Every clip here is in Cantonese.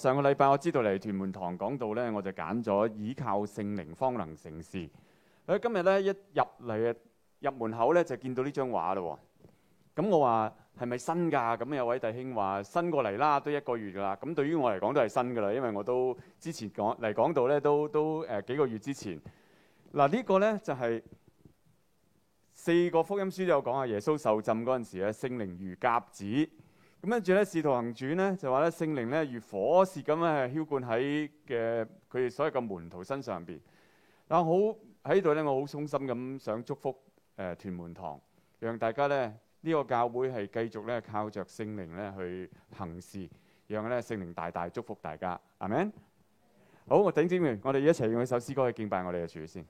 上個禮拜我知道嚟屯門堂講道呢，我就揀咗倚靠聖靈方能成事。喺今日呢，一入嚟嘅入門口呢，就見到呢張畫啦。咁我話係咪新㗎？咁有位弟兄話新過嚟啦，都一個月㗎啦。咁對於我嚟講都係新㗎啦，因為我都之前講嚟講道呢，都都誒幾個月之前。嗱呢個呢，就係、是、四個福音書都有講阿耶穌受浸嗰陣時咧聖靈如鴿子。咁跟住咧，使徒行傳咧，就話咧聖靈咧如火舌咁樣係澆灌喺嘅佢哋所有嘅門徒身上邊。但好喺度咧，我好衷心咁想祝福誒、呃、屯門堂，讓大家咧呢、呢個教會係繼續咧靠著聖靈咧去行事，讓咧聖靈大大祝福大家。阿們。好，我頂姊完，我哋一齊用一首詩歌去敬拜我哋嘅主先。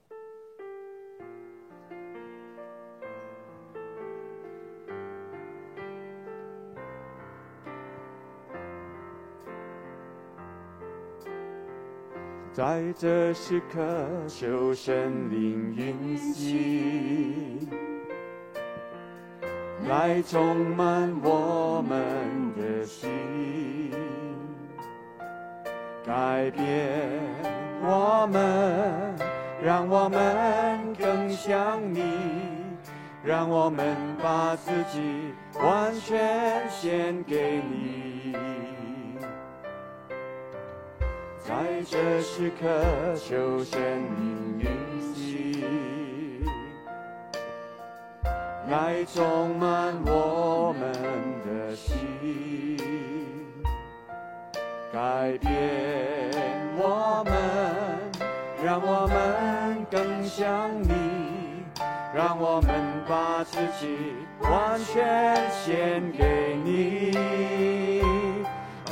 在這時刻，求神靈允息，來充滿我們的心，改變我們，讓我們更像你，讓我們把自己完全獻給你。在這時刻，求聖靈運氣愛充滿我們的心，改變我們，讓我們更像你，讓我們把自己完全獻給你。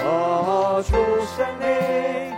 哦，主聖靈。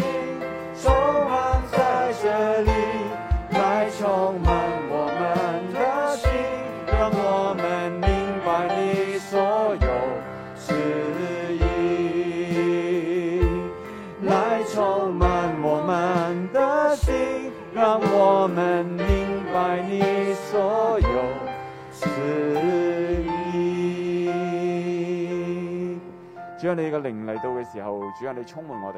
當你嘅靈嚟到嘅時候，主啊，你充滿我哋，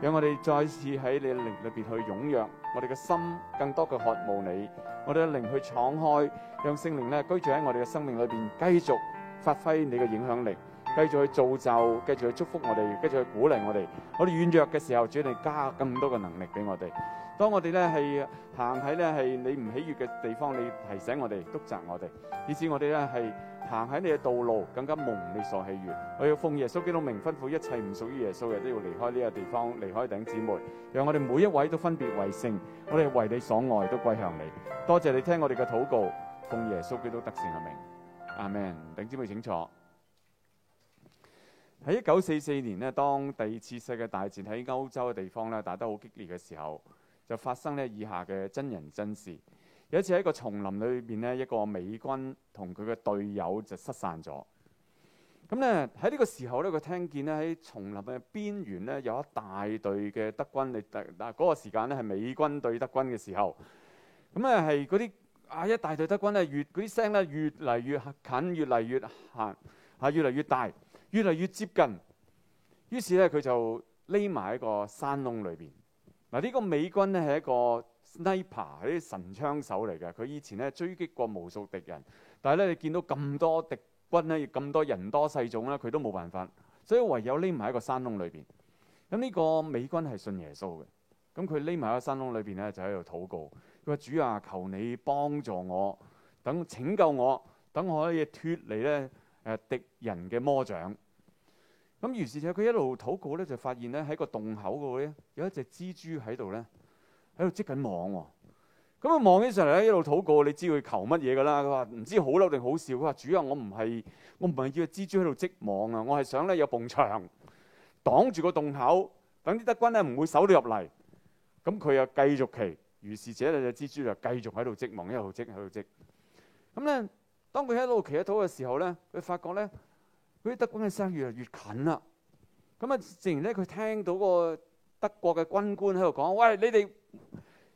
讓我哋再次喺你嘅靈裏邊去踴躍，我哋嘅心更多嘅渴慕你，我哋嘅靈去敞開，讓聖靈咧居住喺我哋嘅生命裏邊，繼續發揮你嘅影響力，繼續去造就，繼續去祝福我哋，繼續去鼓勵我哋。我哋軟弱嘅時候，主啊，你加更多嘅能力俾我哋。當我哋咧係行喺咧係你唔喜悅嘅地方，你提醒我哋，督責我哋，以致我哋咧係，行喺你嘅道路，更加蒙你所喜悅。我要奉耶穌基督名吩咐一切唔屬於耶穌嘅，都要離開呢個地方，離開弟兄姊妹。讓我哋每一位都分別為聖，我哋為你所愛都歸向你。多謝你聽我哋嘅禱告，奉耶穌基督得勝嘅名，阿 Man，弟兄姊妹請坐。喺一九四四年咧，當第二次世界大戰喺歐洲嘅地方咧打得好激烈嘅時候，就發生咧以下嘅真人真事。有一次喺個叢林裏邊咧，一個美軍同佢嘅隊友就失散咗。咁咧喺呢個時候咧，佢聽見咧喺叢林嘅邊緣咧有一大隊嘅德軍。你但嗰個時間咧係美軍對德軍嘅時候，咁咧係嗰啲啊一大隊德軍咧越嗰啲聲咧越嚟越近，越嚟越行啊越嚟越大，越嚟越接近。於是咧佢就匿埋喺個山窿裏邊。嗱、這、呢個美軍咧係一個 Sniper 係啲神槍手嚟嘅，佢以前咧追擊過無數敵人，但係咧你見到咁多敵軍咧，亦咁多人多勢眾啦，佢都冇辦法，所以唯有匿埋喺個山窿裏邊。咁呢個美軍係信耶穌嘅，咁佢匿埋喺山窿裏邊咧就喺度禱告，佢話主啊，求你幫助我，等拯救我，等我可以脫離咧誒敵人嘅魔掌。咁於是就佢一路禱告咧，就發現咧喺個洞口嗰度有一隻蜘蛛喺度咧。喺度織緊網，啊，咁啊望起上嚟咧一路禱告，你知佢求乜嘢噶啦？佢話唔知好嬲定好笑。佢話，主要我唔係我唔係要蜘蛛喺度織網啊，我係想咧有埲牆擋住個洞口，等啲德軍咧唔會守到入嚟。咁佢又繼續祈，如是者隻蜘蛛就繼續喺度織網，一路織喺度織。咁咧，當佢喺度企喺度禱嘅時候咧，佢發覺咧，嗰啲德軍嘅聲越嚟越近啦。咁啊，自然咧佢聽到個德國嘅軍官喺度講：，喂，你哋。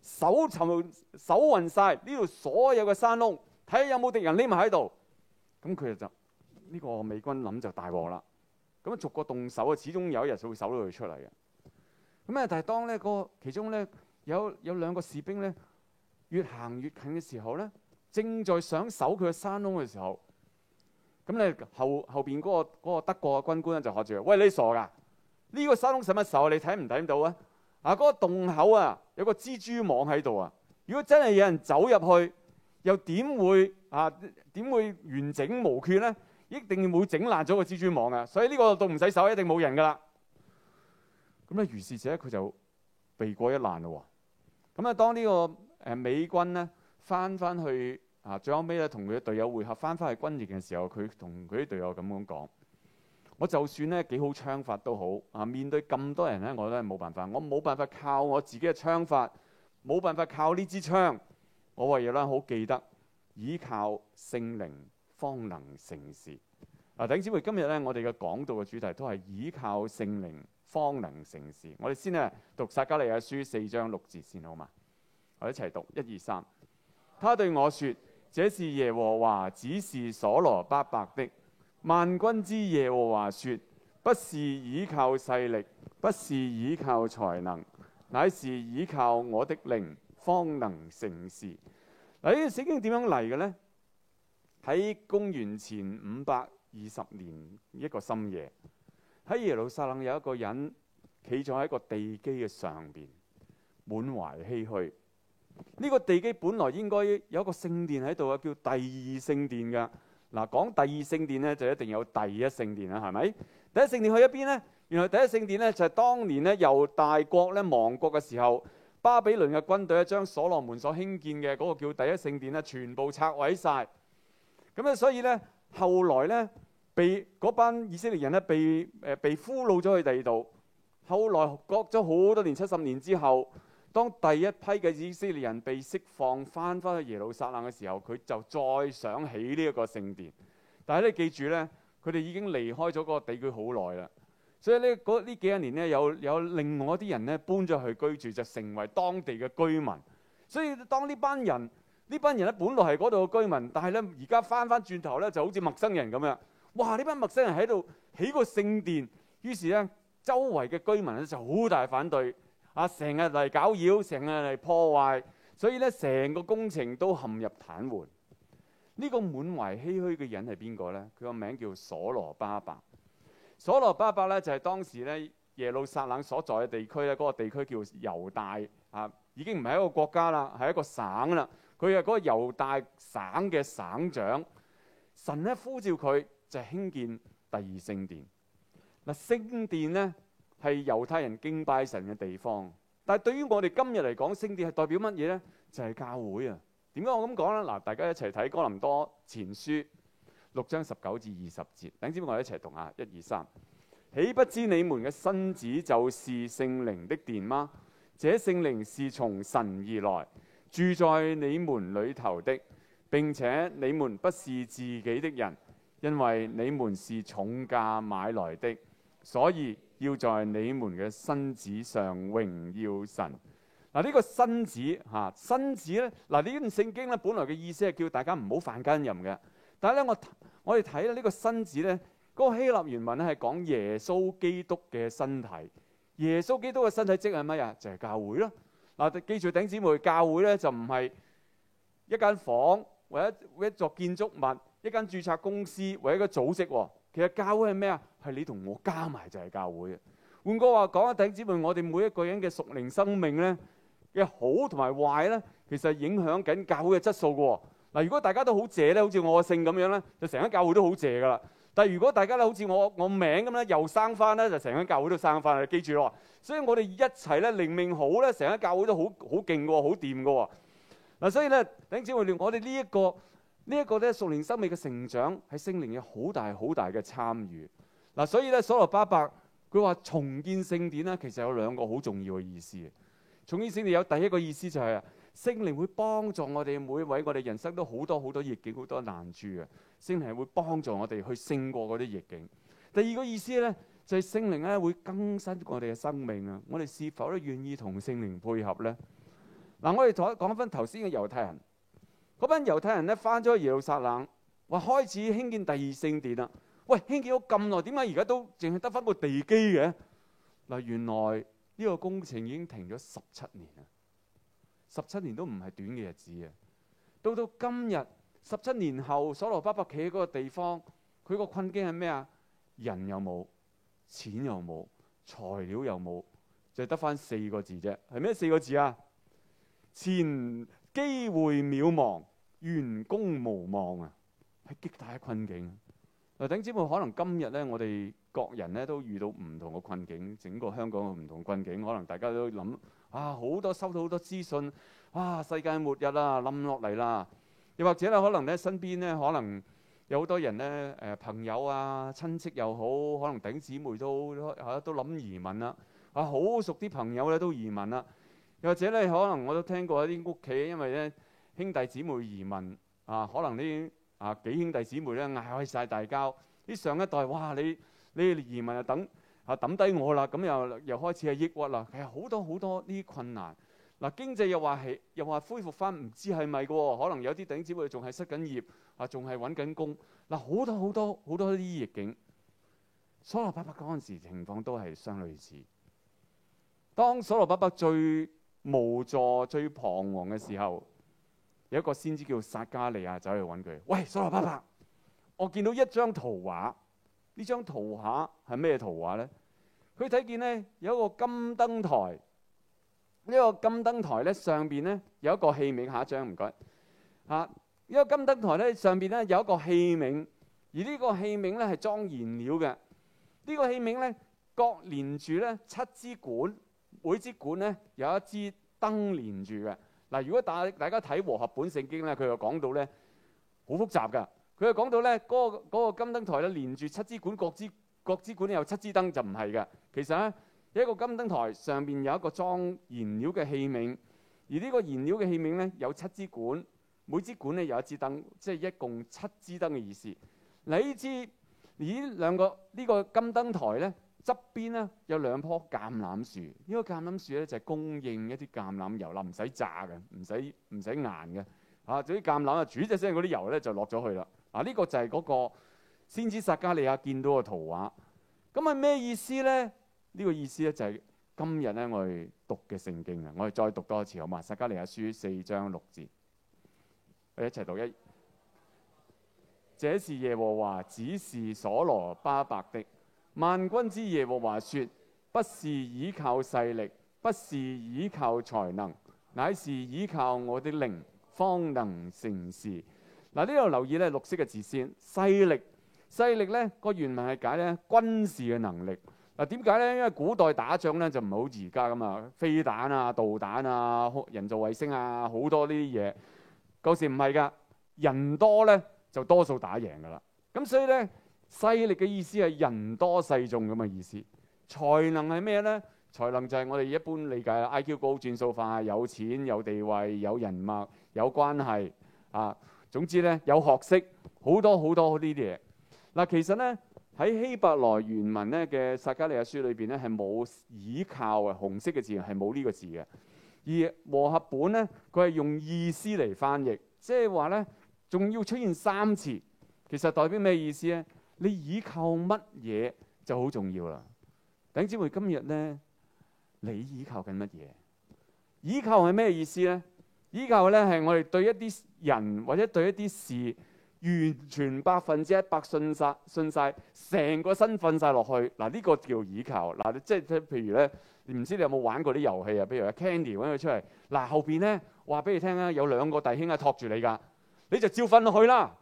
搜尋搜勻晒呢度所有嘅山窿，睇下有冇敵人匿埋喺度。咁佢就呢個美軍諗就大鑊啦。咁啊，逐個動手啊，始終有一日就會搜到佢出嚟嘅。咁啊，但係當呢個其中呢有有兩個士兵呢越行越近嘅時候呢，正在想守佢嘅山窿嘅時候，咁你後後邊嗰個嗰個德國嘅軍官就學住：，喂，你傻噶？呢個山窿使乜守啊？你睇唔睇到啊？嗱，嗰、啊那個洞口啊，有個蜘蛛網喺度啊。如果真係有人走入去，又點會啊？點會完整無缺咧？一定會整爛咗個蜘蛛網啊。所以呢個都唔使守一定冇人噶啦。咁咧，於是者佢就避過一難咯。咁啊，當呢個誒美軍咧翻翻去啊最後尾咧同佢隊友會合翻翻去軍營嘅時候，佢同佢啲隊友咁樣講。我就算咧幾好槍法都好，啊面對咁多人咧，我都係冇辦法。我冇辦法靠我自己嘅槍法，冇辦法靠呢支槍。我唯有咧好記得倚靠聖靈方能成事。嗱、啊，弟兄姊妹今日咧我哋嘅講道嘅主題都係倚靠聖靈方能成事。我哋先啊讀撒迦利亞書四章六節先好嘛？我一齊讀，一二三。他對我説：這是耶和華指示所羅巴伯，伯的。萬軍之耶和華說：不是倚靠勢力，不是倚靠才能，乃是倚靠我的靈，方能成事。嗱，呢個聖經點樣嚟嘅呢？喺公元前五百二十年一個深夜，喺耶路撒冷有一個人企咗喺個地基嘅上邊，滿懷唏噓。呢、呢個地基本來應該有一個聖殿喺度啊，叫第二聖殿噶。嗱，講第二聖殿咧，就一定有第一聖殿啦，係咪？第一聖殿去一邊呢？原來第一聖殿咧就係、是、當年咧由大國咧亡國嘅時候，巴比倫嘅軍隊咧將所羅門所興建嘅嗰個叫第一聖殿咧全部拆毀晒。咁咧，所以咧後來咧被嗰班以色列人咧被誒、呃、被俘虜咗去第二度，後來過咗好多年，七十年之後。當第一批嘅以色列人被釋放翻翻去耶路撒冷嘅時候，佢就再想起呢一個聖殿。但係咧，記住咧，佢哋已經離開咗嗰個地區好耐啦。所以咧，呢幾十年咧，有有另外一啲人咧搬咗去居住，就成為當地嘅居民。所以當呢班人，呢班人咧本來係嗰度嘅居民，但係咧而家翻翻轉頭咧就好似陌生人咁樣。哇！呢班陌生人喺度起個聖殿，於是咧周圍嘅居民咧就好大反對。啊！成日嚟搞擾，成日嚟破壞，所以咧，成個工程都陷入癱瘓。呢、這個滿懷唏噓嘅人係邊個咧？佢個名叫所羅巴伯。所羅巴伯咧就係、是、當時咧耶路撒冷所在嘅地區咧，嗰、那個地區叫猶大啊，已經唔係一個國家啦，係一個省啦。佢係嗰個猶大省嘅省長。神咧呼召佢就興建第二聖殿。嗱、啊，聖殿咧，係猶太人敬拜神嘅地方，但係對於我哋今日嚟講，聖殿係代表乜嘢呢？就係、是、教會啊。點解我咁講呢？嗱，大家一齊睇《哥林多前書》六章十九至二十節，等住我一齊讀啊，一二三，豈不知你們嘅身子就是聖靈的殿嗎？這聖靈是從神而來，住在你們裏頭的。並且你們不是自己的人，因為你們是重價買來的，所以。要在你們嘅身子上榮耀神。嗱，呢個身子嚇身子咧，嗱呢段聖經咧，本來嘅意思係叫大家唔好犯奸淫嘅。但係咧，我我哋睇咧呢個身子咧，嗰個希臘原文咧係講耶穌基督嘅身體。耶穌基督嘅身體即係乜嘢？就係教會咯。嗱，記住頂姊妹，教會咧就唔係一間房，或者一座建築物，一間註冊公司，或者一個組織喎。其實教會係咩啊？係你同我加埋就係教會啊！換句話講啊，弟兄姊妹，我哋每一個人嘅屬靈生命咧嘅好同埋壞咧，其實係影響緊教會嘅質素噶。嗱，如果大家都好邪咧，好似我嘅姓咁樣咧，就成間教會都好邪噶啦。但係如果大家咧好似我我名咁咧，又生翻咧，就成間教會都生翻。記住囉，所以我哋一齊咧靈命好咧，成間教會都好好勁噶，好掂噶。嗱，所以咧，弟兄姊妹，我哋呢一個。這呢一個咧，屬靈生命嘅成長，喺聖靈有好大好大嘅參與。嗱、啊，所以咧，所羅巴伯佢話重建聖殿咧，其實有兩個好重要嘅意思。重建聖殿有第一個意思就係、是、啊，聖靈會幫助我哋每一位，我哋人生都好多好多逆境好多難處啊，聖靈係會幫助我哋去勝過嗰啲逆境。第二個意思咧，就係聖靈咧會更新我哋嘅生命啊，我哋是否都願意同聖靈配合咧？嗱，我哋再講翻頭先嘅猶太人。嗰班猶太人咧翻咗去耶路撒冷，話開始興建第二聖殿啦。喂，興建咗咁耐，點解而家都淨係得翻個地基嘅？嗱，原來呢個工程已經停咗十七年啦。十七年都唔係短嘅日子啊！到到今日，十七年後，所羅巴伯企喺嗰個地方，佢個困境係咩啊？人又冇，錢又冇，材料又冇，就係得翻四個字啫。係咩四個字啊？錢機會渺茫，員工無望啊！係極大嘅困境。嗱，頂姊妹可能今日呢，我哋各人呢都遇到唔同嘅困境，整個香港嘅唔同困境。可能大家都諗啊，好多收到好多資訊，哇、啊！世界末日啦、啊，冧落嚟啦。又或者咧，可能呢，身邊呢，可能有好多人呢，誒、呃、朋友啊、親戚又好，可能頂姊妹都嚇、啊、都諗移民啦、啊，啊，好熟啲朋友咧都移民啦、啊。又或者咧，可能我都聽過一啲屋企，因為咧兄弟姊妹移民啊，可能呢啊幾兄弟姊妹咧嗌開晒大交，啲上一代哇，你你移民又等啊抌低我啦，咁又又開始係抑鬱啦，其實好多好多啲困難。嗱、啊，經濟又話係又話恢復翻，唔知係咪嘅喎？可能有啲弟兄姊妹仲係失緊業啊，仲係揾緊工。嗱、啊，好多好多好多啲逆境，所羅巴伯嗰陣時情況都係相類似。當所羅巴伯最無助、最彷徨嘅時候，有一個先知叫撒迦利亞走去揾佢。喂，所羅巴伯，我見到一張圖畫。呢張圖畫係咩圖畫咧？佢睇見咧有一個金燈台。呢個金燈台咧上邊咧有一個器皿。下一張唔該。啊，呢個金燈台咧上邊咧有一個器皿，而呢個器皿咧係裝燃料嘅。呢個器皿咧各連住咧七支管。每支管咧有一支燈連住嘅。嗱，如果大大家睇和合本聖經咧，佢又講到咧好複雜嘅，佢又講到咧嗰個嗰個金燈台咧連住七支管，各支各支管有七支燈，就唔係嘅。其實咧一個金燈台上邊有一個裝燃料嘅器皿，而呢個燃料嘅器皿咧有七支管，每支管咧有一支燈，即係一共七支燈嘅意思。你呢支呢兩個呢個金燈台咧。側邊呢，有兩棵橄欖樹，呢個橄欖樹咧就係、是、供應一啲橄欖油啦，唔使炸嘅，唔使唔使硬嘅，嚇！嗰啲橄欖啊煮一聲，嗰啲油咧就落咗去啦。啊，呢就啊、這個就係嗰個先知撒迦利亞見到嘅圖畫。咁係咩意思咧？呢、這個意思咧就係今日咧我哋讀嘅聖經啊，我哋再讀多一次好嘛？撒迦利亞書四章六節，我哋一齊讀一。這是耶和華指示所羅巴伯的。萬軍之耶和華說：不是倚靠勢力，不是倚靠才能，乃是倚靠我的靈，方能成事。嗱、啊，呢度留意咧綠色嘅字先：勢力，勢力咧個原文係解咧軍事嘅能力。嗱、啊，點解咧？因為古代打仗咧就唔係好而家咁啊，飛彈啊、導彈啊、人造衛星啊，好多呢啲嘢。舊時唔係噶，人多咧就多數打贏噶啦。咁所以咧。勢力嘅意思係人多勢眾咁嘅意思，才能係咩呢？才能就係我哋一般理解啦，I.Q. 高，轉數快，有錢，有地位，有人脈，有關係啊。總之呢，有學識好多好多呢啲嘢。嗱、啊，其實呢，喺希伯來原文呢嘅撒迦利亞書裏邊呢，係冇倚靠嘅紅色嘅字，係冇呢個字嘅，而和合本呢，佢係用意思嚟翻譯，即係話呢，仲要出現三次，其實代表咩意思呢？你倚靠乜嘢就好重要啦，等姊妹今日咧，你倚靠緊乜嘢？倚靠係咩意思咧？倚靠咧係我哋對一啲人或者對一啲事完全百分之一百信曬信晒，成個身瞓晒落去嗱。呢、啊這個叫倚靠嗱、啊，即係譬如咧，你唔知你有冇玩過啲遊戲啊？譬如阿 Candy 揾佢出嚟嗱、啊，後邊咧話俾你聽啊，有兩個弟兄啊托住你噶，你就照瞓落去啦。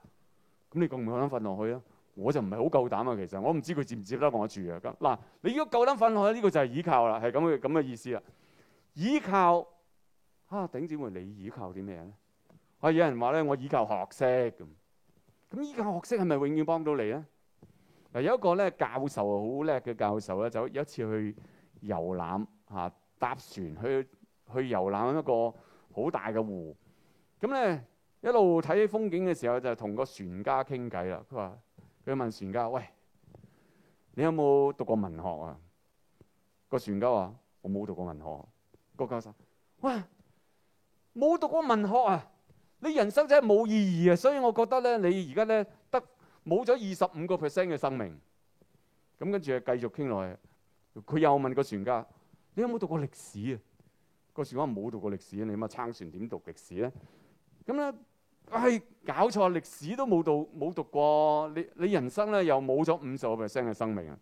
咁你仲唔想瞓落去啊？我就唔係好夠膽啊！其實我唔知佢接唔接得我住啊。咁嗱，你如果夠膽瞓落去，呢、這個就係倚靠啦，係咁嘅咁嘅意思啦。倚靠啊，頂姊妹，你倚靠啲咩咧？啊，有人話咧，我倚靠學識咁。咁倚靠學識係咪永遠幫到你咧？嗱、啊，有一個咧教授，好叻嘅教授咧，就有一次去遊覽吓、啊、搭船去去遊覽一個好大嘅湖。咁咧一路睇起風景嘅時候，就同個船家傾偈啦。佢話。佢問船家：喂，你有冇讀過文學啊？個船家話：我冇讀過文學。個教授：喂，冇讀過文學啊！你人生真係冇意義啊！所以我覺得咧，你而家咧得冇咗二十五個 percent 嘅生命。咁跟住繼續傾落去，佢又問個船家：你有冇讀過歷史啊？個船家話：冇讀過歷史啊！你咁啊撐船點讀歷史咧？咁咧。唉、哎，搞錯歷史都冇讀，冇讀過。你你人生咧又冇咗五十個 percent 嘅生命啊！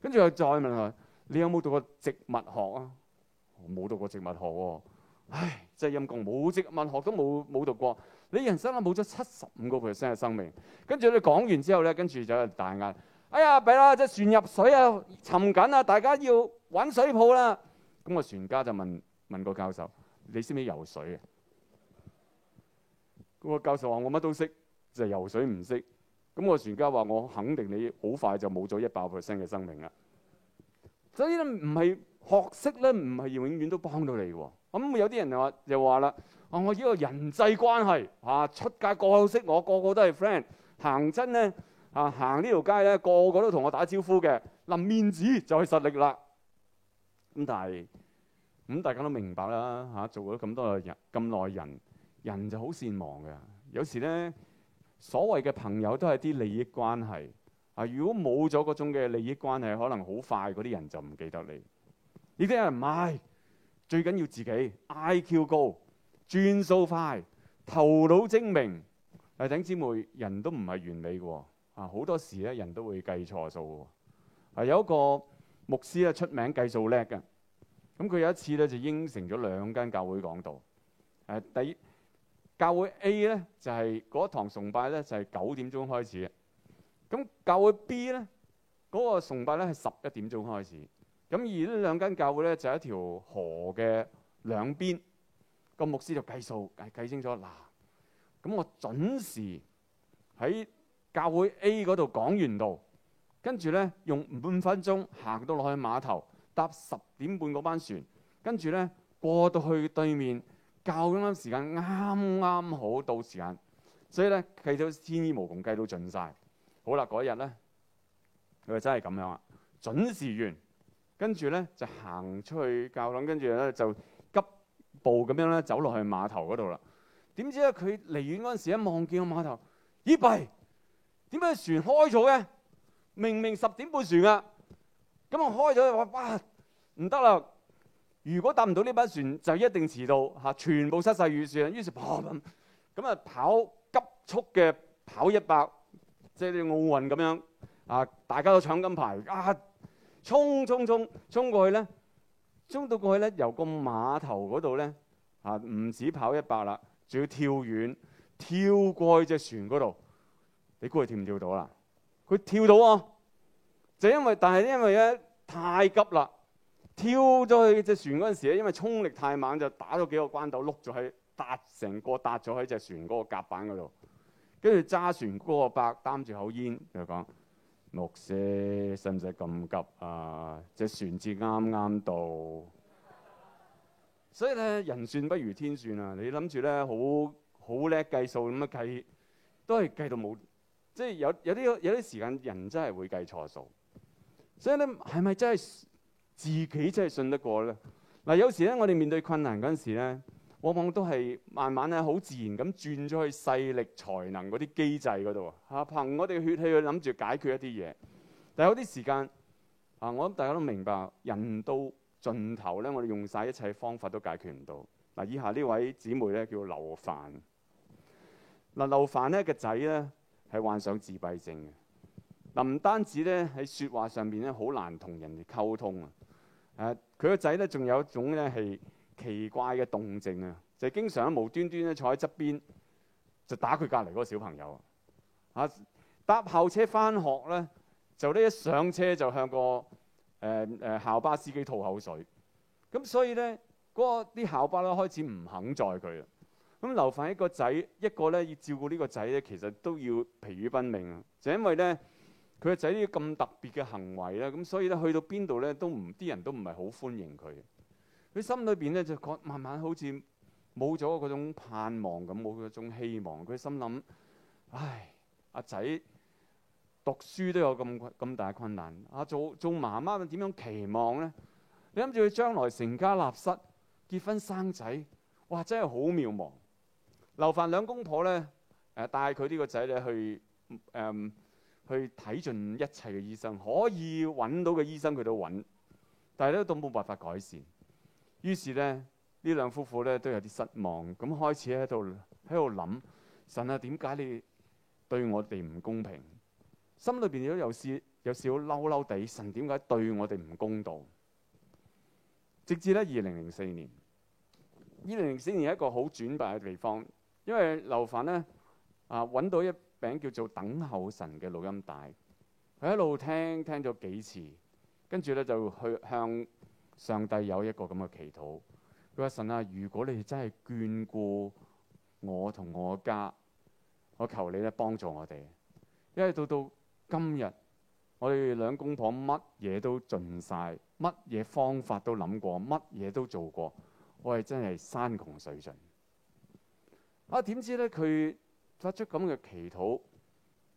跟住佢再問佢：你有冇讀過植物學啊？冇、哦、讀過植物學喎、哦。唉，真係陰公，冇植物學都冇冇讀過。你人生啊冇咗七十五個 percent 嘅生命。跟住你講完之後咧，跟住就大嗌：哎呀，弊喇！即係船入水啊，沉緊啊！大家要玩水泡啦！咁個船家就問問個教授：你識唔識游水啊？個教授話：我乜都識，就係、是、游水唔識。咁、那個船家話：我肯定你好快就冇咗一百 percent 嘅生命啦。所以咧唔係學識咧，唔係永遠都幫到你嘅。咁有啲人話又話啦：啊，我依個人際關係嚇、啊，出街個個都識我、啊，個個都係 friend。行真咧嚇，行呢條街咧，個個都同我打招呼嘅。嗱，面子就係實力啦。咁但係，咁大家都明白啦嚇、啊，做咗咁多日咁耐人。人就好善忘嘅，有時咧所謂嘅朋友都係啲利益關係啊。如果冇咗嗰種嘅利益關係，可能好快嗰啲人就唔記得你。呢啲人唔係最緊要自己 I.Q. 高，轉數快，頭腦精明。但係頂姊妹人都唔係完美嘅啊，好多時咧人都會計錯數。係、啊、有一個牧師啊，出名計數叻嘅。咁佢有一次咧就應承咗兩間教會講道誒、啊，第教會 A 咧就係，是，嗰堂崇拜咧就係，是，九點鐘開始。咁教會 B 咧嗰，那個崇拜咧係十一點鐘開始，咁而呢兩間教會咧就係一條河嘅兩邊，個牧師就計數計計清楚嗱，咁、啊、我準時喺教會 A 嗰度講完道，跟住咧用五分鐘行到落去碼頭搭十點半嗰班船，跟住咧過到去對面。教咁啱時間啱啱好到時間，所以咧計咗天衣無縫計到盡晒。好啦，嗰一日咧，佢真係咁樣啊，準時完，跟住咧就行出去教堂，跟住咧就急步咁樣咧走落去碼頭嗰度啦。點知咧佢離遠嗰陣時一望見個碼頭，咦弊？點解船開咗嘅？明明十點半船啊，咁我開咗，我話唔得啦。如果搭唔到呢班船，就一定遲到嚇，全部失晒預算。於是，砰、呃、咁，啊跑急速嘅跑一百，即係啲奧運咁樣啊，大家都搶金牌，啊，衝衝衝衝過去咧，衝到過去咧，由個碼頭嗰度咧，啊，唔止跑一百啦，仲要跳遠，跳過去隻船嗰度，你估佢跳唔跳到啦？佢跳到啊，就因為，但係因為咧太急啦。跳咗去隻船嗰陣時咧，因為衝力太猛，就打咗幾個關鬥，碌咗喺搭成個搭咗喺隻船嗰個甲板嗰度。跟住揸船嗰個伯擔住口煙，就講，牧師，使唔使咁急啊？船隻船至啱啱到。所以咧，人算不如天算啊！你諗住咧，好好叻計數咁樣計，都係計到冇。即係有有啲有啲時間，人真係會計錯數。所以咧，係咪真係？自己真係信得過咧。嗱、啊，有時咧，我哋面對困難嗰陣時咧，往往都係慢慢咧，好自然咁轉咗去勢力、才能嗰啲機制嗰度啊。憑我哋嘅血氣去諗住解決一啲嘢。但係有啲時間啊，我諗大家都明白，人到盡頭咧，我哋用晒一切方法都解決唔到。嗱、啊，以下這位姐呢位姊妹咧叫劉凡。嗱、啊，劉凡呢個仔咧係患上自閉症嘅。嗱、啊，唔單止咧喺説話上邊咧好難同人哋溝通啊。誒佢個仔咧，仲、啊、有一種咧係奇怪嘅動靜啊！就係、經常喺無端端咧坐喺側邊，就打佢隔離嗰個小朋友啊！啊，搭校車翻學咧，就呢一上車就向個誒誒、呃呃、校巴司機吐口水。咁所以咧，嗰、嗰個啲校巴咧開始唔肯載佢啦。咁留翻一個仔，一個咧要照顧呢個呢個仔咧，其實都要疲於奔命啊！就因為咧。佢個仔呢咁特別嘅行為咧，咁所以咧去到邊度咧都唔啲人都唔係好歡迎佢。佢心裏邊咧就覺慢慢好似冇咗嗰種盼望咁，冇嗰種希望。佢心諗：唉，阿仔讀書都有咁咁大的困難，阿、啊、做做媽媽點樣期望咧？你諗住佢將來成家立室、結婚生仔，哇！真係好渺茫。劉凡兩公婆咧，誒、呃、帶佢呢個仔咧去誒。嗯去睇盡一切嘅醫生，可以揾到嘅醫生佢都揾，但係咧都冇辦法改善。於是咧，呢兩夫婦咧都有啲失望，咁開始喺度喺度諗：神啊，點解你對我哋唔公平？心裏邊亦都有少有少嬲嬲地。神點解對我哋唔公道？直至咧二零零四年，二零零四年係一個好轉變嘅地方，因為劉凡呢啊揾到一。名叫做等候神嘅錄音帶，佢一路聽聽咗幾次，跟住咧就去向上帝有一個咁嘅祈禱。佢話神啊，如果你真係眷顧我同我家，我求你咧幫助我哋，因為到到今日，我哋兩公婆乜嘢都盡晒，乜嘢方法都諗過，乜嘢都做過，我係真係山窮水盡。啊，點知咧佢發出咁嘅祈禱，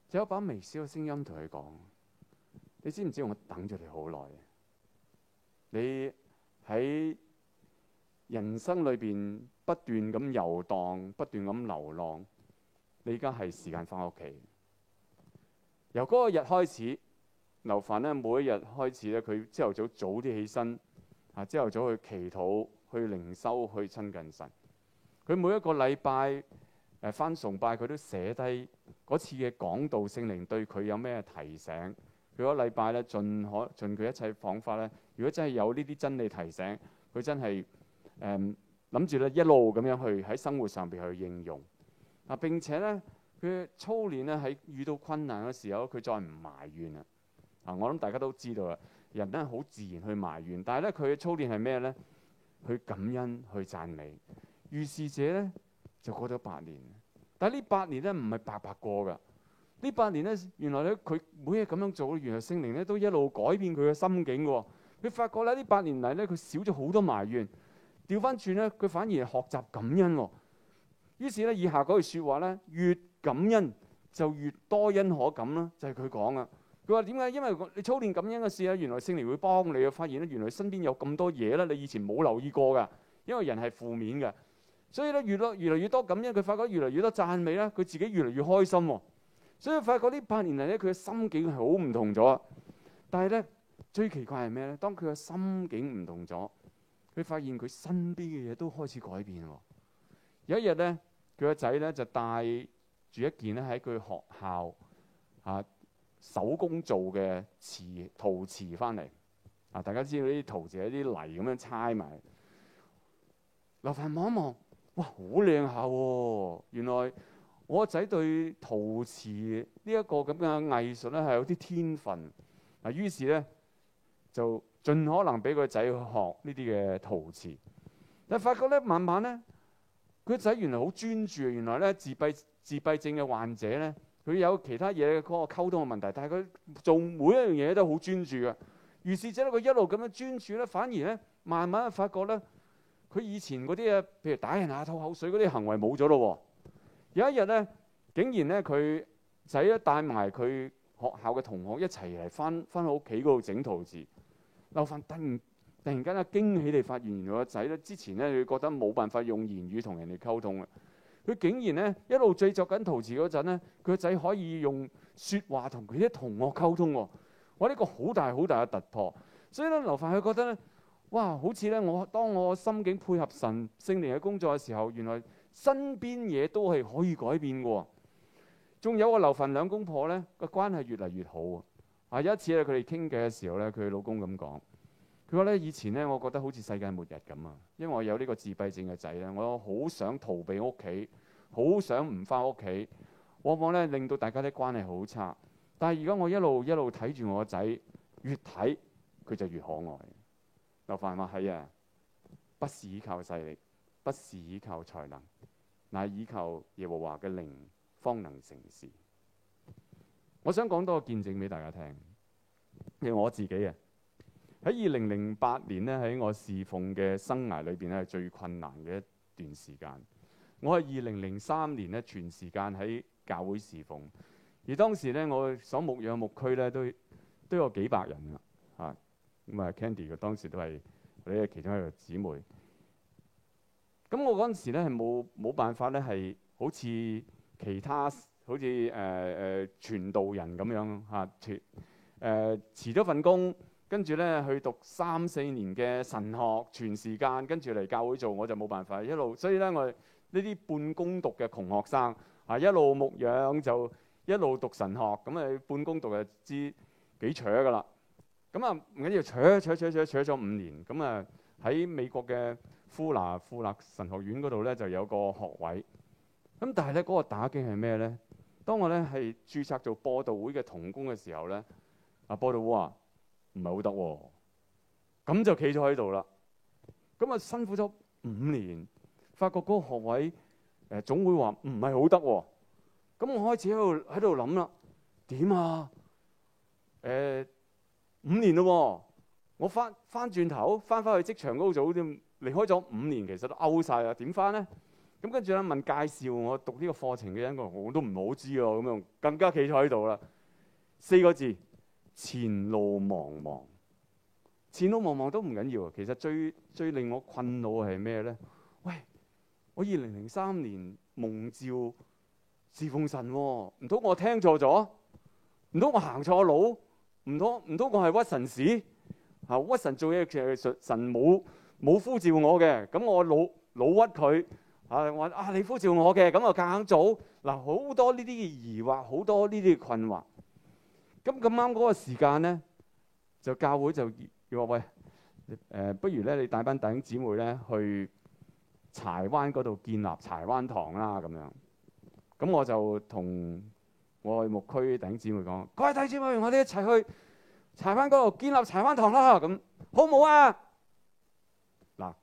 就有把微笑嘅聲音同佢講：你知唔知我等咗你好耐？你喺人生裏邊不斷咁游蕩，不斷咁流浪。你而家係時間翻屋企，由嗰個日開始，劉凡呢每一日開始呢，佢朝頭早早啲起身，啊，朝頭早去祈禱、去靈修、去親近神。佢每一個禮拜。誒返崇拜，佢都寫低嗰次嘅講道聖靈對佢有咩提醒？佢嗰禮拜咧，盡可盡佢一切方法咧。如果真係有呢啲真理提醒，佢真係誒諗住咧一路咁樣去喺生活上邊去應用啊！並且咧佢嘅操練咧，喺遇到困難嘅時候，佢再唔埋怨啊！啊，我諗大家都知道啦，人真係好自然去埋怨，但係咧佢嘅操練係咩咧？去感恩，去讚美遇事者咧。就過咗八年，但係呢八年咧唔係白白過㗎。這呢八年咧，原來咧佢每日咁樣做，原來聖靈咧都一路改變佢嘅心境㗎、哦。佢發覺咧，這來呢八年嚟咧，佢少咗好多埋怨。調翻轉咧，佢反而學習感恩、哦。於是咧，以下嗰句説話咧，越感恩就越多恩可感啦，就係佢講噶。佢話點解？因為你操練感恩嘅事咧，原來聖靈會幫你啊！發現咧，原來身邊有咁多嘢啦，你以前冇留意過㗎。因為人係負面嘅。所以咧，越落越嚟越多感恩，佢發覺越嚟越多讚美咧，佢自己越嚟越開心，哦。所以發覺呢八年嚟咧，佢嘅心境係好唔同咗。但係咧，最奇怪係咩咧？當佢嘅心境唔同咗，佢發現佢身邊嘅嘢都開始改變。有一日咧，佢個仔咧就帶住一件咧喺佢學校啊手工做嘅瓷陶瓷翻嚟。啊，大家知道呢啲陶瓷係啲泥咁樣猜埋。劉凡望一望。哇，好靚下喎！原來我個仔對陶瓷呢一個咁嘅藝術咧係有啲天分，嗱，於是咧就盡可能俾個仔去學呢啲嘅陶瓷。但係發覺咧，慢慢咧，佢仔原來好專注。原來咧，自閉自閉症嘅患者咧，佢有其他嘢嗰個溝通嘅問題，但係佢做每一,一樣嘢都好專注嘅。於是者咧，佢一路咁樣專注咧，反而咧，慢慢發覺咧。佢以前嗰啲啊，譬如打人啊、吐口水嗰啲行為冇咗咯。有一日咧，竟然咧佢仔咧帶埋佢學校嘅同學一齊嚟翻翻到屋企嗰度整陶瓷。劉凡突然突然間咧驚喜地發現，原來個仔咧之前咧佢覺得冇辦法用言語同人哋溝通嘅，佢竟然咧一路製作緊陶瓷嗰陣咧，佢個仔可以用説話同佢啲同學溝通喎、喔。我呢、呢個好大好大嘅突破。所以咧，劉凡佢覺得咧。哇！好似咧，我當我心境配合神聖靈嘅工作嘅時候，原來身邊嘢都係可以改變嘅。仲有個劉煥兩公婆呢，個關係越嚟越好。啊，有一次咧，佢哋傾偈嘅時候呢，佢老公咁講，佢話呢，以前呢，我覺得好似世界末日咁啊，因為我有呢個自閉症嘅仔呢，我好想逃避屋企，好想唔返屋企，往往呢，令到大家啲關係好差。但係而家我一路一路睇住我個仔，越睇佢就越可愛。就凡話：係啊，不是倚靠勢力，不是倚靠才能，乃倚靠耶和華嘅靈，方能成事。我想講多一個見證俾大家聽，係我自己啊，喺二零零八年呢，喺我侍奉嘅生涯裏邊咧，係最困難嘅一段時間。我係二零零三年呢，全時間喺教會侍奉，而當時呢，我所牧養牧區呢，都都有幾百人咁啊，Candy 佢當時都係我哋其中一個姊妹。咁我嗰陣時咧係冇冇辦法咧，係好似其他好似誒、呃呃、傳道人咁樣嚇、啊呃、辭誒辭咗份工，跟住咧去讀三四年嘅神學全時間，跟住嚟教會做，我就冇辦法一路。所以咧我呢啲半工讀嘅窮學生啊，一路牧養就一路讀神學，咁啊半工讀就，知幾扯㗎啦～咁啊，唔緊要，扯扯扯扯扯咗五年，咁啊喺美國嘅富勒富勒神學院嗰度咧就有個學位。咁但係咧嗰個打擊係咩咧？當我咧係註冊做播道會嘅同工嘅時候咧，阿播道會話唔係好得喎，咁、啊、就企咗喺度啦。咁啊辛苦咗五年，發覺嗰個學位誒、呃、總會話唔係好得喎。咁我開始喺度喺度諗啦，點啊？誒。五年咯，我翻翻轉頭翻返去職場嗰度，好似離開咗五年，其實都 out 晒啦。點翻咧？咁跟住咧問介紹我讀呢個課程嘅人，我都唔好知喎。咁樣更加企咗喺度啦。四個字：前路茫茫。前路茫茫都唔緊要。其實最最令我困惱係咩咧？喂，我二零零三年蒙召侍奉神啊，唔通我聽錯咗？唔通我行錯路？唔通唔通我係屈臣氏，嚇、啊？屈神做嘢，其實神冇冇呼召我嘅，咁我老老屈佢嚇！我啊，啊你呼召我嘅，咁我夾硬做。嗱好多呢啲疑惑，好多呢啲困惑。咁咁啱嗰個時間咧，就教會就話喂，誒、呃，不如咧你帶班弟兄姊妹咧去柴灣嗰度建立柴灣堂啦咁樣。咁我就同。我去牧區弟兄姊妹講：各位弟兄姊妹，我哋一齊去柴灣嗰度，建立柴灣堂啦，咁好唔好啊？嗱，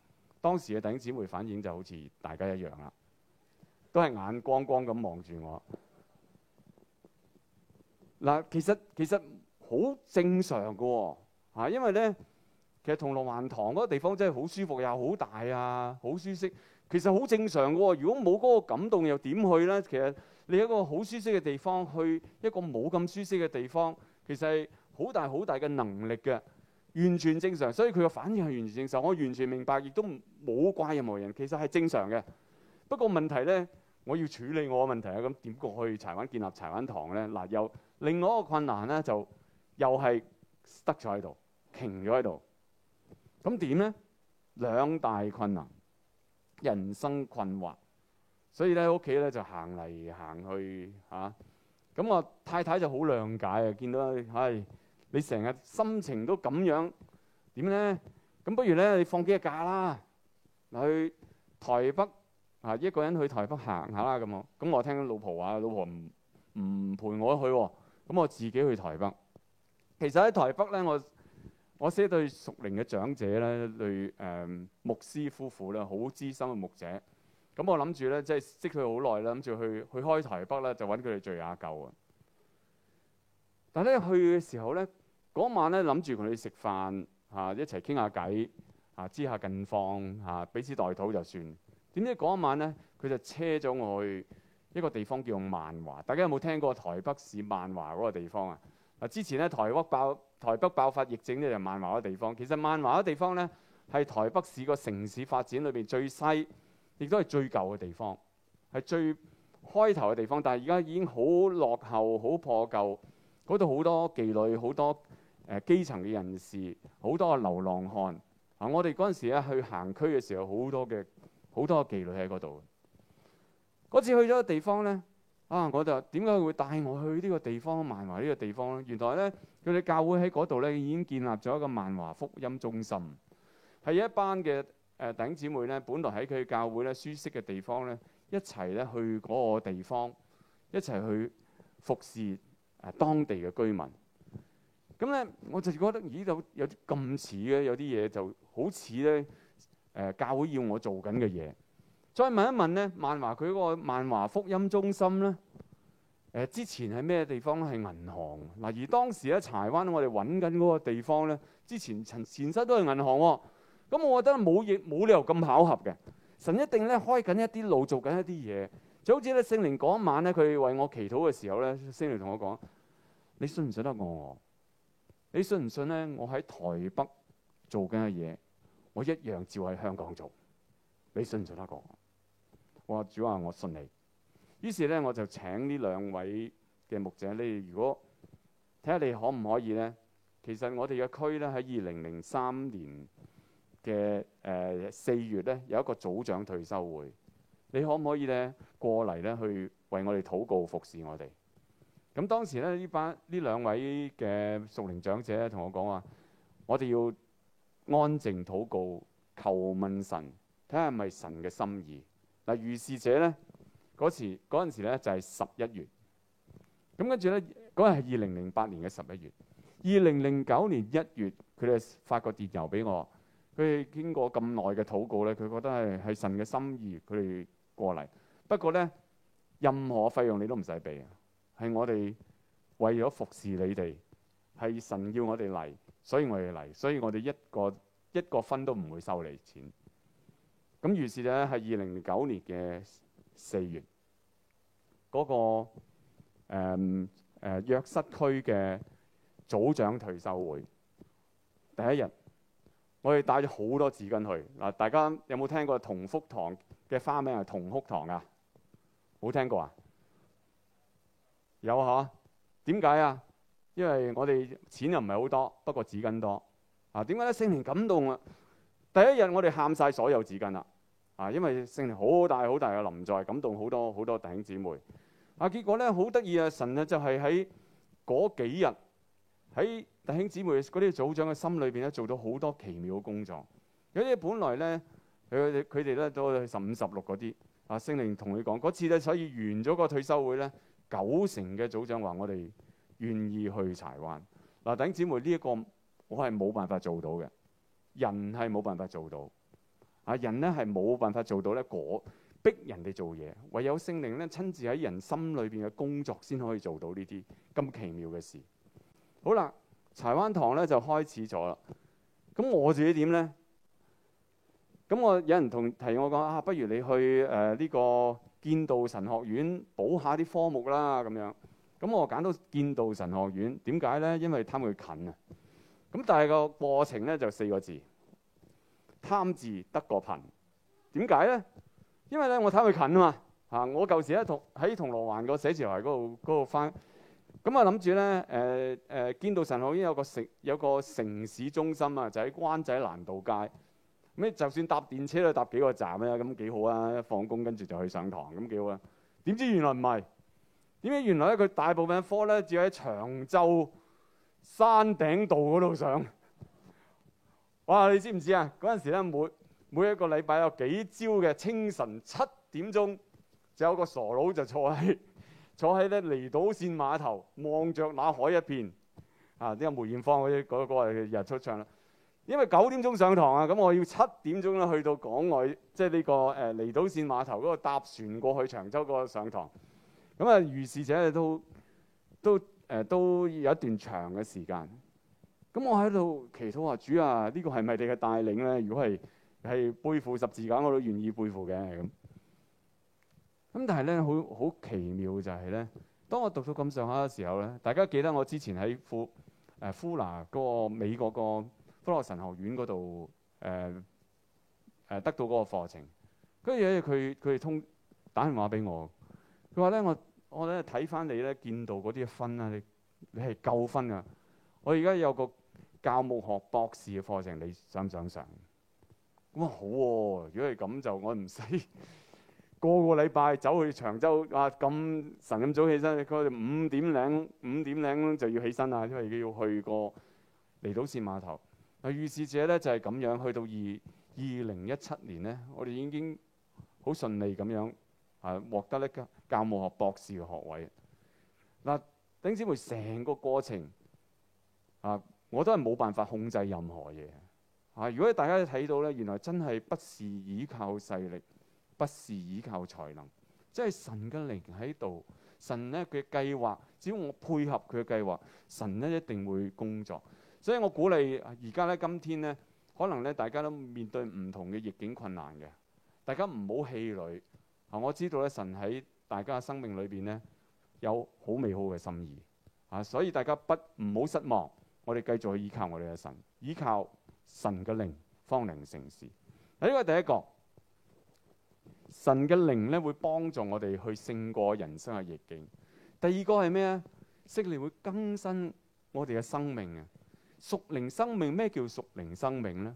當時嘅弟兄姊妹反應就好似大家一樣啦，都係眼光光咁望住我。嗱，其實其實好正常嘅喎、哦，因為咧，其實銅鑼灣堂嗰個地方真係好舒服，又好大啊，好舒適。其實好正常嘅喎，如果冇嗰個感動，又點去咧？其實。你一個好舒適嘅地方，去一個冇咁舒適嘅地方，其實係好大好大嘅能力嘅，完全正常。所以佢嘅反應係完全正常，我完全明白，亦都冇怪任何人。其實係正常嘅。不過問題咧，我要處理我嘅問題啊。咁點過去柴灣建立柴灣堂咧？嗱、啊，又另外一個困難咧，就又係塞咗喺度，停咗喺度。咁點咧？兩大困難，人生困惑。所以咧，喺屋企咧就行嚟行去嚇，咁我太太就好諒解啊！見到你，唉，你成日心情都咁樣，點咧？咁不如咧，你放幾日假啦？去台北啊，一個人去台北行下啦咁啊！咁我聽老婆話，老婆唔唔陪我去，咁我自己去台北。其實喺台北咧，我我先對熟齡嘅長者咧，對誒牧師夫婦咧，好知心嘅牧者。咁我諗住咧，即係識佢好耐啦，諗住去去開台北咧，就揾佢哋聚下舊啊。但係咧去嘅時候咧，嗰晚咧諗住同佢哋食飯啊，一齊傾下偈啊，知下近況啊，彼此代禱就算。點知嗰一晚咧，佢就車咗我去一個地方叫萬華。大家有冇聽過台北市萬華嗰個地方啊？嗱，之前咧台北爆台北爆發疫症咧，就萬華嗰地方。其實萬華嗰地方咧，係台北市個城市發展裏邊最西。亦都係最舊嘅地方，係最開頭嘅地方，但係而家已經好落後、好破舊。嗰度好多妓女，好多誒、呃、基層嘅人士，好多流浪漢。啊，我哋嗰陣時咧去行區嘅時候，好多嘅好多妓女喺嗰度。嗰次去咗個地方呢，啊，我就點解會帶我去呢個地方？萬華呢個地方咧，原來呢，佢哋教會喺嗰度呢已經建立咗一個萬華福音中心，係一班嘅。誒、呃、弟兄姊妹咧，本來喺佢教會咧舒適嘅地方咧，一齊咧去嗰個地方，一齊去服侍誒、呃、當地嘅居民。咁咧，我就覺得咦，有啲咁似嘅，有啲嘢就好似咧誒教會要我做緊嘅嘢。再問一問咧，萬華佢個萬華福音中心咧，誒、呃、之前係咩地方咧？係銀行嗱、呃。而當時喺柴灣，我哋揾緊嗰個地方咧，之前前身都係銀行、哦。咁，我覺得冇嘢冇理由咁巧合嘅。神一定咧開緊一啲路，做緊一啲嘢，就好似咧聖靈嗰晚咧佢為我祈禱嘅時候咧，聖靈同我講：你信唔信得過我？你信唔信咧？我喺台北做緊嘅嘢，我一樣照喺香港做。你信唔信得過我？我話、啊！主話我信你，於是咧我就請呢兩位嘅牧者，你如果睇下你可唔可以咧？其實我哋嘅區咧喺二零零三年，嘅誒四月咧有一個組長退休會，你可唔可以咧過嚟咧去為我哋禱告服侍我哋？咁當時咧呢班呢兩位嘅熟齡長者咧同我講話，我哋要安靜禱告，求問神睇下係咪神嘅心意嗱。如是者咧嗰時嗰陣時咧就係十一月咁，跟住咧嗰日係二零零八年嘅十一月，二零零九年一月佢哋發個電郵俾我。佢哋經過咁耐嘅禱告咧，佢覺得係係神嘅心意，佢哋過嚟。不過咧，任何費用你都唔使俾，係我哋為咗服侍你哋，係神要我哋嚟，所以我哋嚟，所以我哋一個一個分都唔會收你錢。咁於是咧，係二零零九年嘅四月，嗰、那個誒誒、嗯呃、約瑟區嘅組長退休會第一日。我哋帶咗好多紙巾去嗱，大家有冇聽過同福堂嘅花名係同哭堂啊？冇聽過啊？有吓？點解啊？因為我哋錢又唔係好多，不過紙巾多啊。點解呢？聖靈感動啊！第一日我哋喊晒所有紙巾啦啊，因為聖靈好大好大嘅臨在，感動好多好多弟兄姊妹啊。結果咧好得意啊，神咧就係喺嗰幾日喺。弟兄姊妹嗰啲組長嘅心裏邊咧，做到好多奇妙嘅工作。有啲本來咧，佢哋佢哋咧都十五十六嗰啲啊。聖靈同佢講嗰次咧，所以完咗個退休會咧，九成嘅組長話：我哋願意去柴灣嗱。弟兄姊妹，呢一個我係冇辦法做到嘅，人係冇辦法做到啊！人咧係冇辦法做到咧，果逼人哋做嘢，唯有聖靈咧親自喺人心裏邊嘅工作先可以做到呢啲咁奇妙嘅事。好啦。柴灣堂咧就開始咗啦，咁我自己點咧？咁我有人同提我講啊，不如你去誒呢、呃這個建道神學院補下啲科目啦，咁樣。咁我揀到建道神學院，點解咧？因為貪佢近啊。咁但係個過程咧就四個字：貪字得個貧。點解咧？因為咧我貪佢近啊嘛。啊，我舊時咧同喺銅鑼灣個寫字台嗰度度翻。咁啊，諗住咧，誒誒，建、呃、道、呃、神學院有個城有個城市中心啊，就喺、是、灣仔蘭道街。咁就算搭電車都搭幾個站啊，咁、嗯、幾好啊！放工跟住就去上堂咁、嗯、好啊。點知原來唔係？點知原來咧，佢大部分科咧，只喺長洲山頂道嗰度上。哇！你知唔知啊？嗰陣時咧，每每一個禮拜有幾朝嘅清晨七點鐘，就有個傻佬就坐喺。坐喺咧離島線碼頭，望着那海一片，啊！呢個梅艷芳嗰啲嗰日出場啦。因為九點鐘上堂啊，咁我要七點鐘咧去到港外，即係呢個誒離島線碼頭嗰度搭船過去長洲嗰度上堂。咁啊，於是者都都誒、呃、都有一段長嘅時間。咁我喺度祈禱話、啊：主啊，呢、呢個係咪你嘅帶領咧？如果係係背負十字架，我都願意背負嘅咁。咁但係咧好好奇妙就係咧，當我讀到咁上下嘅時候咧，大家記得我之前喺富誒、呃、富拿嗰個美國個富樂神學院嗰度誒誒得到嗰個課程，跟住咧佢哋通打電話俾我，佢話咧我我咧睇翻你咧見到嗰啲分啦，你你係夠分㗎，我而家有個教務學博士嘅課程，你想唔想上？咁話好喎、啊，如果係咁就我唔使。個個禮拜走去長洲啊！咁晨咁早起身，佢哋五點零五點零就要起身啦，因為要去過離島線碼頭。嗱，預示者咧就係、是、咁樣去到二二零一七年咧，我哋已經好順利咁樣啊獲得呢咧教務學博士嘅學位。嗱，丁子梅成個過程啊，我都係冇辦法控制任何嘢啊！如果大家睇到咧，原來真係不是倚靠勢力，不是依靠才能，即係神嘅靈喺度。神呢嘅計劃，只要我配合佢嘅計劃，神呢一定會工作。所以我鼓勵而家呢，今天呢，可能咧，大家都面對唔同嘅逆境困難嘅，大家唔好氣餒。啊，我知道咧，神喺大家嘅生命裏邊呢，有好美好嘅心意啊，所以大家不唔好失望。我哋繼續去依靠我哋嘅神，依靠神嘅靈，方能成事。啊，呢個第一個。神嘅靈咧會幫助我哋去勝過人生嘅逆境。第二個係咩啊？聖靈會更新我哋嘅生命啊！屬靈生命，咩叫屬靈生命咧？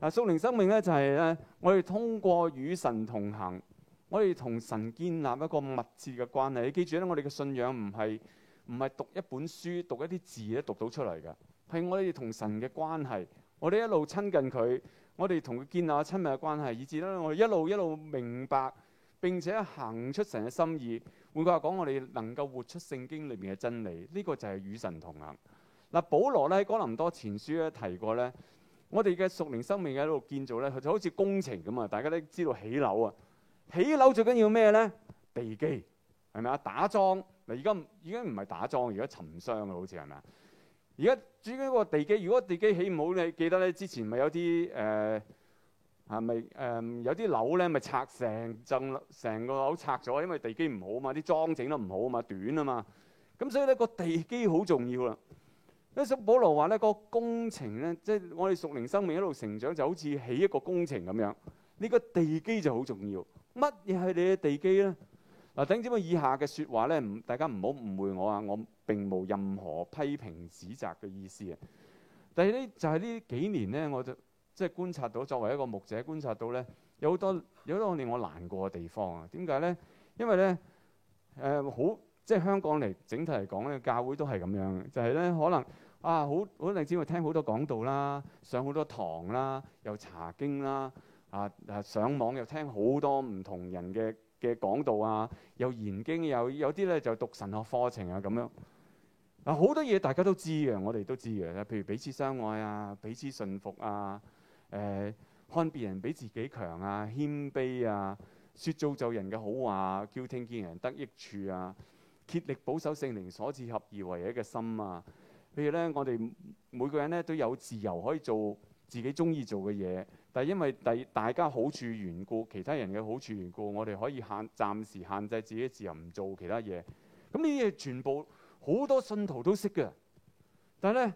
嗱，屬靈生命咧就係咧，我哋通過與神同行，我哋同神建立一個密切嘅關係。你記住咧，我哋嘅信仰唔係唔係讀一本書、讀一啲字咧讀到出嚟㗎，係我哋同神嘅關係，我哋一路親近佢。我哋同佢建立啊親密嘅關係，以至咧我哋一路一路明白並且行出神嘅心意。換句話講，我哋能夠活出聖經裏面嘅真理，呢個就係與神同行。嗱，保羅咧喺哥林多前書咧提過咧，我哋嘅屬靈生命喺度建造咧，佢就好似工程咁啊！大家都知道起樓啊，起樓最緊要咩咧？地基係咪啊？打樁。嗱，而家已經唔係打樁，而家沉箱嘅，好似係咪啊？而家主要嗰個地基，如果地基起唔好，你記得咧之前咪有啲誒，係咪誒，有啲樓咧咪拆成陣，成個樓拆咗，因為地基唔好嘛，啲樁整得唔好嘛，短啊嘛。咁所以咧個地基好重要啦。呢索保羅話咧個工程咧，即係我哋屬靈生命一路成長，就好似起一個工程咁樣。呢個地基就好重要。乜嘢係你嘅地基咧？嗱，頂尖嘅以下嘅説話咧，唔大家唔好誤會我啊！我並冇任何批評指責嘅意思嘅。但係咧，就係、是、呢幾年咧，我就即係、就是、觀察到，作為一個牧者觀察到咧，有好多有好多令我難過嘅地方啊！點解咧？因為咧，誒、呃、好即係香港嚟整體嚟講咧，教會都係咁樣嘅，就係、是、咧可能啊，好好你知唔知？聽好多講道啦，上好多堂啦，又查經啦，啊啊上網又聽好多唔同人嘅。嘅講道啊，有研經，有有啲咧就讀神學課程啊，咁樣啊好多嘢大家都知嘅，我哋都知嘅啦。譬如彼此相愛啊，彼此信服啊，誒、呃、看別人比自己強啊，謙卑啊，説造就人嘅好話啊，叫聽見人得益處啊，竭力保守聖靈所賜合而為一嘅心啊。譬如咧，我哋每個人咧都有自由可以做自己鍾意做嘅嘢。但係因為第大家好處緣故，其他人嘅好處緣故，我哋可以限暫時限制自己自由，唔做其他嘢。咁呢啲係全部好多信徒都識嘅。但係咧，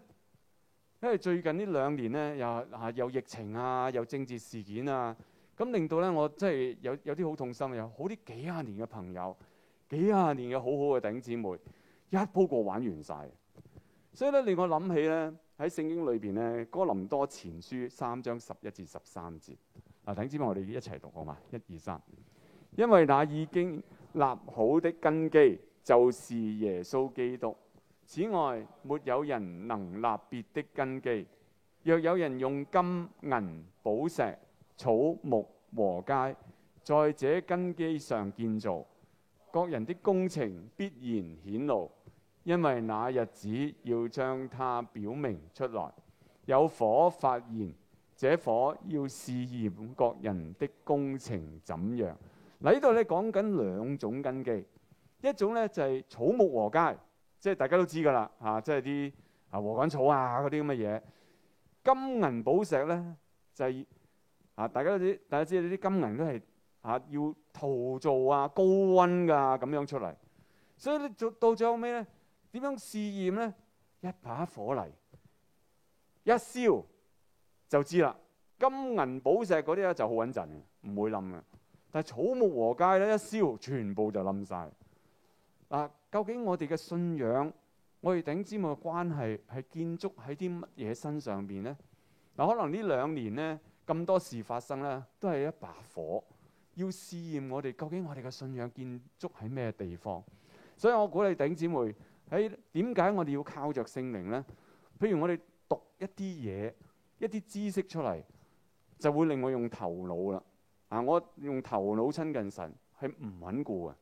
因為最近呢兩年咧，又啊又疫情啊，又政治事件啊，咁令到咧我真係有有啲好痛心，有好啲幾廿年嘅朋友，幾廿年嘅好好嘅弟兄姊妹，一鋪過玩完晒。所以咧，令我諗起咧。喺聖經裏面，呢《哥林多前書》三章十一至十三節，嗱，等知我哋一齊讀好嘛？一二三，因為那已經立好的根基就是耶穌基督，此外沒有人能立別的根基。若有人用金銀寶石草木禾秸，在這根基上建造，各人的工程必然顯露。因為那日子要將它表明出來，有火發現，這火要試驗各人的工程怎樣。嗱，呢度咧講緊兩種根基，一種咧就係草木禾秸，即係大家都知噶啦，吓，即係啲啊禾稈草啊嗰啲咁嘅嘢。金銀寶石咧就係啊，大家都知，大家知呢啲金銀都係啊要陶造啊高溫噶咁，啊、樣出嚟，所以咧做到最後尾咧。點樣試驗咧？一把火嚟，一燒就知啦。金銀寶石嗰啲咧就好穩陣嘅，唔會冧嘅。但係草木禾稭咧一燒，全部就冧晒。嗱、啊，究竟我哋嘅信仰，我哋頂姊妹嘅關係，係建築喺啲乜嘢身上邊咧？嗱、啊，可能呢兩年咧咁多事發生咧，都係一把火，要試驗我哋究竟我哋嘅信仰建築喺咩地方。所以我鼓勵頂姊妹。喺點解我哋要靠着聖靈咧？譬如我哋讀一啲嘢、一啲知識出嚟，就會令我用頭腦啦。啊，我用頭腦親近神係唔穩固嘅，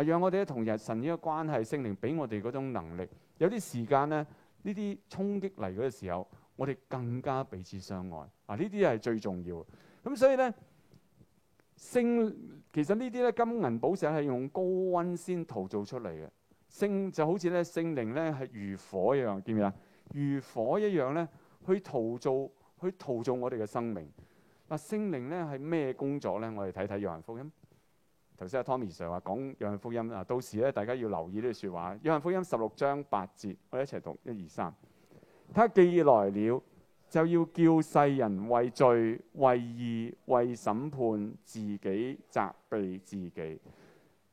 係讓我哋同神呢個關係。聖靈俾我哋嗰種能力，有啲時間咧，呢啲衝擊嚟嘅時候，我哋更加彼此相愛。啊，呢啲係最重要的。咁所以咧，聖其實這些呢啲咧，金銀寶石係用高溫先陶造出嚟嘅。聖就好似咧，聖靈咧係如火一樣，見唔見啊？如火一樣咧，去陶造、去陶造我哋嘅生命。嗱，聖靈咧係咩工作咧？我哋睇睇約翰福音。頭先阿 Tommy Sir 話講約翰福音啊，到時咧大家要留意呢句説話。約翰福音十六章八節，我哋一齊讀：一、二、三。他既來了，就要叫世人為罪、為義、為審判，自己責備自己。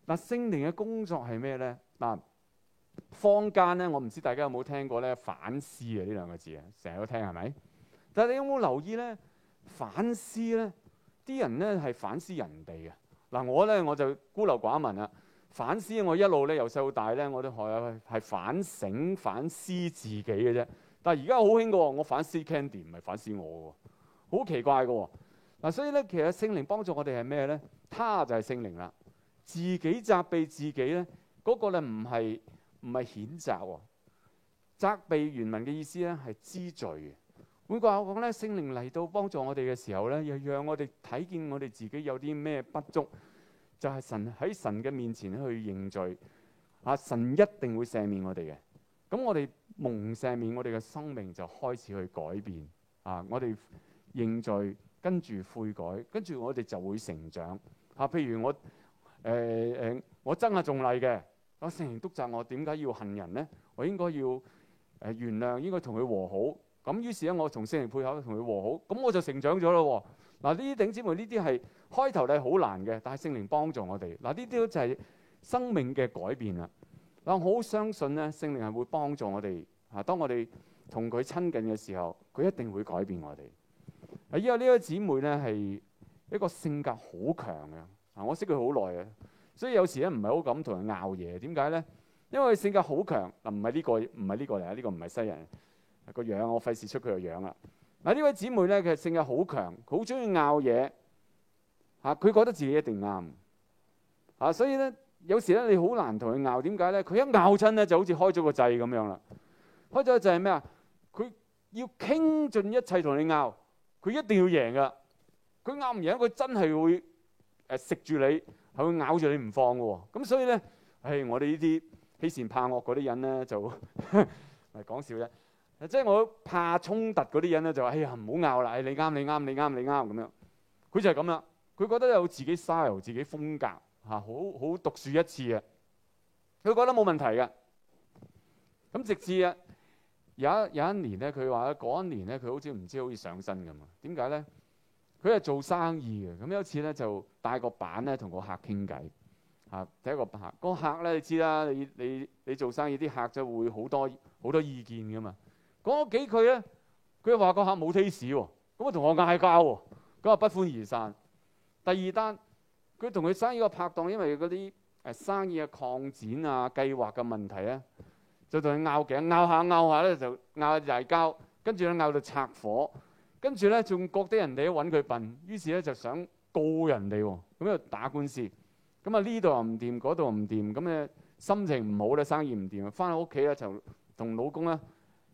嗱，聖靈嘅工作係咩咧？嗱。坊間咧，我唔知大家有冇聽過咧「反思」啊呢兩個字啊，成日都聽係咪？但係你有冇留意咧反思咧？啲人咧係反思人哋啊。嗱，我咧我就孤陋寡聞啦。反思我一路咧由細到大咧，我都學係係反省反思自己嘅啫。但係而家好興嘅，我反思 Candy 唔係反思我，好奇怪嘅嗱，哦啊。所以咧，其實聖靈幫助我哋係咩咧？他就係聖靈啦，自己責備自己咧，嗰、嗰個咧唔係。唔係譴責喎，責備原文嘅意思咧係知罪嘅。每個我講咧，聖靈嚟到幫助我哋嘅時候咧，又讓我哋睇見我哋自己有啲咩不足，就係、是、神喺神嘅面前去認罪，啊神一定會赦免我哋嘅。咁我哋蒙赦免，我哋嘅生命就開始去改變啊！我哋認罪，跟住悔改，跟住我哋就會成長。啊，譬如我誒誒、呃呃，我憎係仲嚟嘅。我聖靈督責我，點解要恨人呢？我應該要誒、呃、原諒，應該同佢和好。咁於是咧，我同聖靈配合，同佢和好。咁我就成長咗咯。嗱、啊，呢啲頂姊妹，呢啲係開頭咧好難嘅，但係聖靈幫助我哋。嗱、啊，呢啲就係生命嘅改變啦、啊。我好相信呢，聖靈係會幫助我哋。吓、啊，當我哋同佢親近嘅時候，佢一定會改變我哋。啊，因為呢個姊妹呢，係一個性格好強嘅。啊，我識佢好耐嘅。所以有時咧唔係好敢同佢拗嘢，點解咧？因為性格好強嗱，唔係呢個唔係呢個嚟啊！呢個唔係西人個樣，我費事出佢個樣啦。嗱，呢位姊妹咧，佢性格好強，佢好中意拗嘢嚇。佢覺得自己一定啱嚇，所以咧有時咧你好難同佢拗。點解咧？佢一拗親咧，就好似開咗個掣咁樣啦。開咗個掣係咩啊？佢要傾盡一切同你拗，佢一定要贏噶。佢拗唔贏，佢真係會誒食住你。佢會咬住你唔放喎、哦，咁所以咧、哎，我哋呢啲欺善怕惡嗰啲人咧就咪講笑啫，即係我怕衝突嗰啲人咧就話，哎呀唔好拗啦、哎，你啱你啱你啱你啱咁樣。佢就係咁啦，佢覺得有自己 style、自己風格、啊、好好獨樹一幟嘅。佢覺得冇問題㗎。咁直至啊有一有一年咧，佢話嗰一年咧，佢好似唔知好似上身咁啊？點解咧？佢係做生意嘅，咁有一次咧就帶個板咧同個客傾偈，嚇，第一個客，嗰個客咧你知啦，你你你做生意啲客就會好多好多意見噶嘛，講咗幾句咧，佢話個客冇 taste 喎，咁啊同我嗌交喎，咁啊不歡而散。第二單，佢同佢生意個拍檔，因為嗰啲誒生意嘅擴展啊、計劃嘅問題咧，就同佢拗頸拗下拗下咧就拗嗌交，跟住咧拗到拆夥。跟住咧，仲覺得人哋搵佢笨，於是咧就想告人哋，咁、哦、就打官司。咁啊呢度又唔掂，嗰度又唔掂，咁、嗯、嘅心情唔好咧，生意唔掂，翻到屋企咧就同老公咧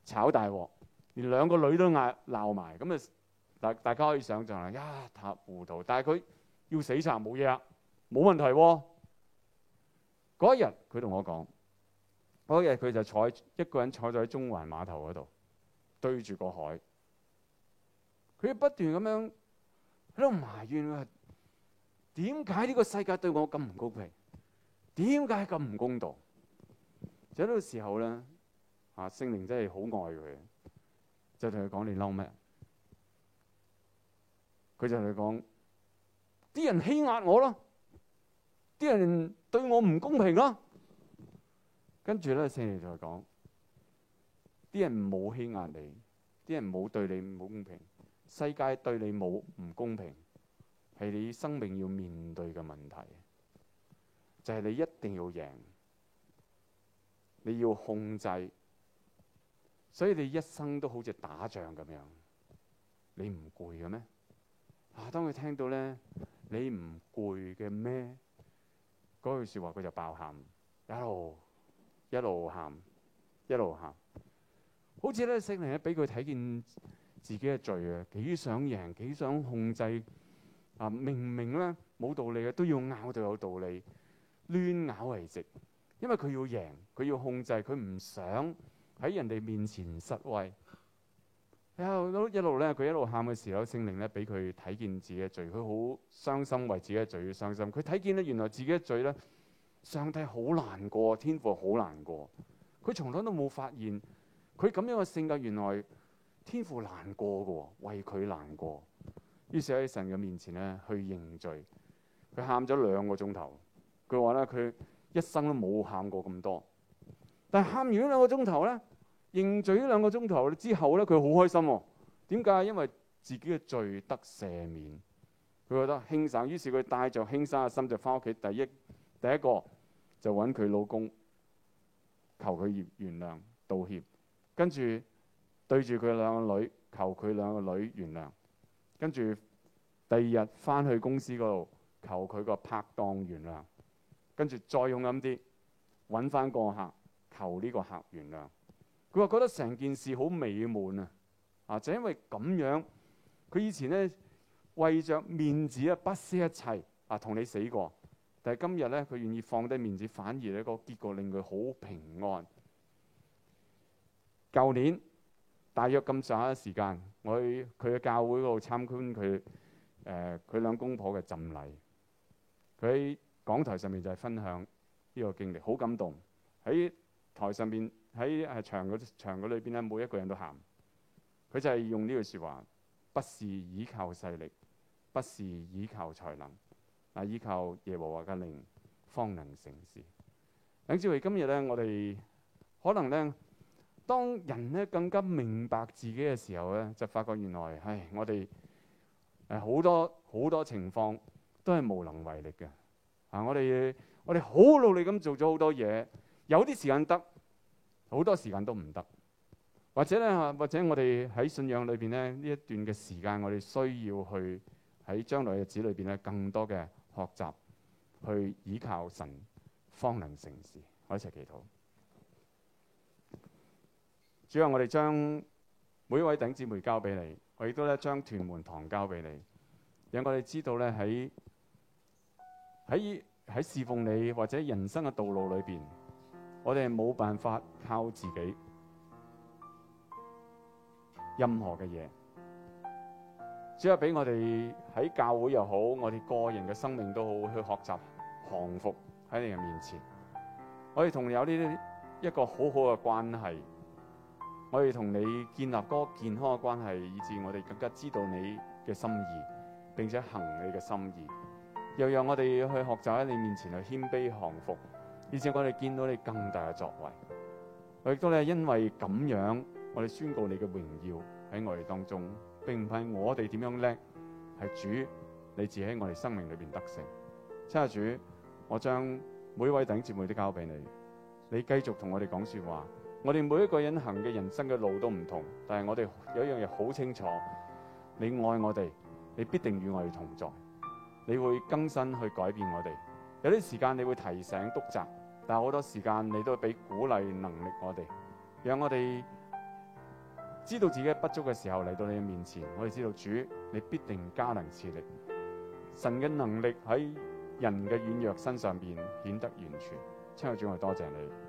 炒大鑊，連兩個女都嗌鬧埋，咁啊大大家可以想象啊一塌糊塗。但係佢要死撐冇嘢啦，冇問題、哦。嗰一日佢同我講，嗰日佢就坐一個人坐咗喺中環碼頭嗰度，對住個海。佢不斷咁樣喺度埋怨啊，點解呢個世界對我咁唔公平？點解咁唔公道？就喺呢個時候咧，啊聖靈真係好愛佢，就同佢講：你嬲咩？佢就同佢講：啲人欺壓我囉，啲人對我唔公平囉。跟住咧，聖靈就係講：啲人冇欺壓你，啲人冇對你唔好公平。世界對你冇唔公平，係你生命要面對嘅問題，就係你一定要贏，你要控制，所以你一生都好似打仗咁樣，你唔攰嘅咩？啊，當佢聽到咧，你唔攰嘅咩？嗰句説話佢就爆喊，一路一路喊，一路喊，好似咧聖靈咧俾佢睇見自己嘅罪啊，幾想贏，幾想控制啊！明明咧，冇道理嘅都要拗，就有道理，亂拗為直。因為佢要贏，佢要控制，佢唔想喺人哋面前失威。啊，一路咧，佢一路喊嘅時候，聖靈咧俾佢睇見自己嘅罪，佢好傷，傷心，為自己嘅罪傷心。佢睇見咧，原來自己嘅罪咧，上帝好難過，天父好難過。佢從來都冇發現，佢咁樣嘅性格原來。天父難過嘅，為佢難過，於是喺神嘅面前咧去認罪，佢喊咗兩個鐘頭，佢話咧佢一生都冇喊過咁多，但係喊完呢兩個鐘頭咧，認罪呢兩個鐘頭之後咧，佢好開心。哦，點解？因為自己嘅罪得赦免，佢覺得輕省，於是佢帶着輕省嘅心就翻屋企，第一第一個就揾佢老公，求佢原原諒道歉，跟住。對住佢兩個女，求佢兩個女原諒，跟住第二日翻去公司嗰度，求佢個拍檔原諒，跟住再勇敢啲揾翻個客，求呢個客原諒。佢話覺得成件事好美滿啊！啊，就因為咁樣，佢以前呢，為着面子啊，不惜一切啊，同你死過，但係今日呢，佢願意放低面子，反而呢個結果令佢好平安。舊年。大約咁上下時間，我去佢嘅教會度參觀佢誒，佢兩公婆嘅浸禮。佢喺講台上面就係分享呢個經歷，好感動。喺台上面，喺誒場嗰場裏邊咧，每一個人都喊。佢就係用呢句說話：不是依靠勢力，不是依靠才能，啊，依靠耶和華嘅靈方能成事。梁志偉，今日咧，我哋可能咧。當人咧更加明白自己嘅時候咧，就發覺原來，唉，我哋誒好多好多情況都係無能為力嘅。啊，我哋我哋好努力咁做咗好多嘢，有啲時間得，好多時間都唔得。或者咧吓，或者我哋喺信仰裏邊咧呢這一段嘅時間，我哋需要去喺將來日子裏邊咧更多嘅學習，去倚靠神方能成事。我一齊祈禱。主要我哋將每一位弟兄姊妹交俾你，我亦都咧將屯門堂交俾你。讓我哋知道咧喺喺喺侍奉你或者人生嘅道路裏面，我哋冇辦法靠自己任何嘅嘢。主要俾我哋喺教會又好，我哋個人嘅生命都好去學習降服喺你嘅面前，我哋同你有呢啲一個好好嘅關係。我哋同你建立個健康嘅關係，以致我哋更加知道你嘅心意，並且行你嘅心意，又讓我哋去學習喺你面前去謙卑降服，以至我哋見到你更大嘅作為。我亦都咧，因為咁樣，我哋宣告你嘅榮耀喺我哋當中，並唔係我哋點樣叻，係主，你自喺我哋生命裏邊得勝。親愛的主，我將每位弟兄姐妹都交俾你，你繼續同我哋講說話。我哋每一個人行嘅人生嘅路都唔同，但係我哋有一樣嘢好清楚，你愛我哋，你必定與我哋同在，你會更新去改變我哋，有啲時間你會提醒督責，但係好多時間你都會俾鼓勵能力我哋，讓我哋知道自己不足嘅時候嚟到你嘅面前，我哋知道主你必定加能賜力，神嘅能力喺人嘅軟弱身上邊顯得完全。親愛的主，我多謝你。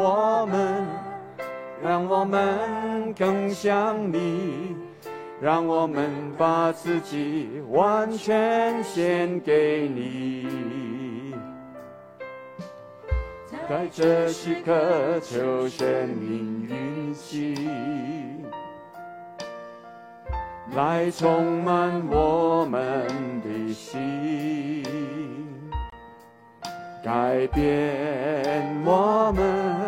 我們，讓我們更像你，讓我們把自己完全獻給你。在這時刻求神明運氣，來充滿我們的心，改變我們。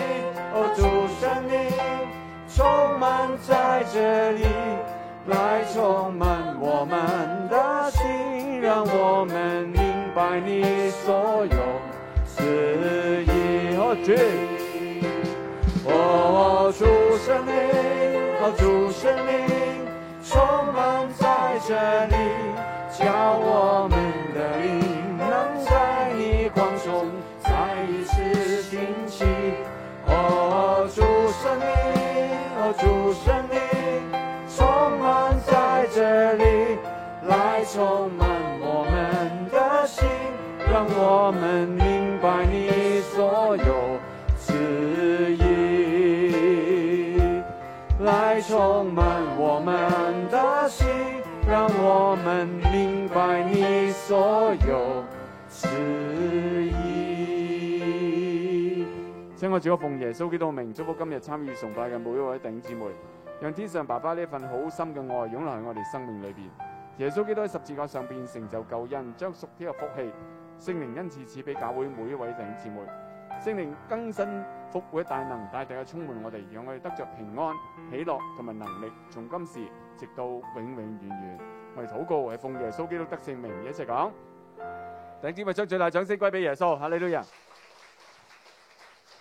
在這裏，來充滿我們的心，讓我們明白你所有旨意和旨。哦、oh,，oh, oh, 主聖靈，哦、oh, 主聖靈，充滿在這裏，叫我們。充滿我們的心，讓我們明白你所有旨意。來充滿我們的心，讓我們明白你所有旨意。請我主，我奉耶穌基督的名，祝福今日參與崇拜的每一位弟兄姊妹，讓天上爸爸呢份好深的愛湧來，喺我哋生命裏邊。耶穌基督喺十字架上面成就救恩，將屬天嘅福氣、聖靈恩賜賜俾教會每一位弟兄姊妹。聖靈更新、復活、大能、帶大家充滿我哋，讓我哋得着平安、喜樂同埋能力，從今時直到永，永永遠遠。我哋禱告，我哋奉耶穌基督嘅聖名，一齊講。等啲咪將最大掌聲歸俾耶穌。吓 elu，呢老人，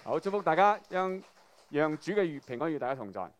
好祝福大家，讓，讓主嘅平安與大家同在。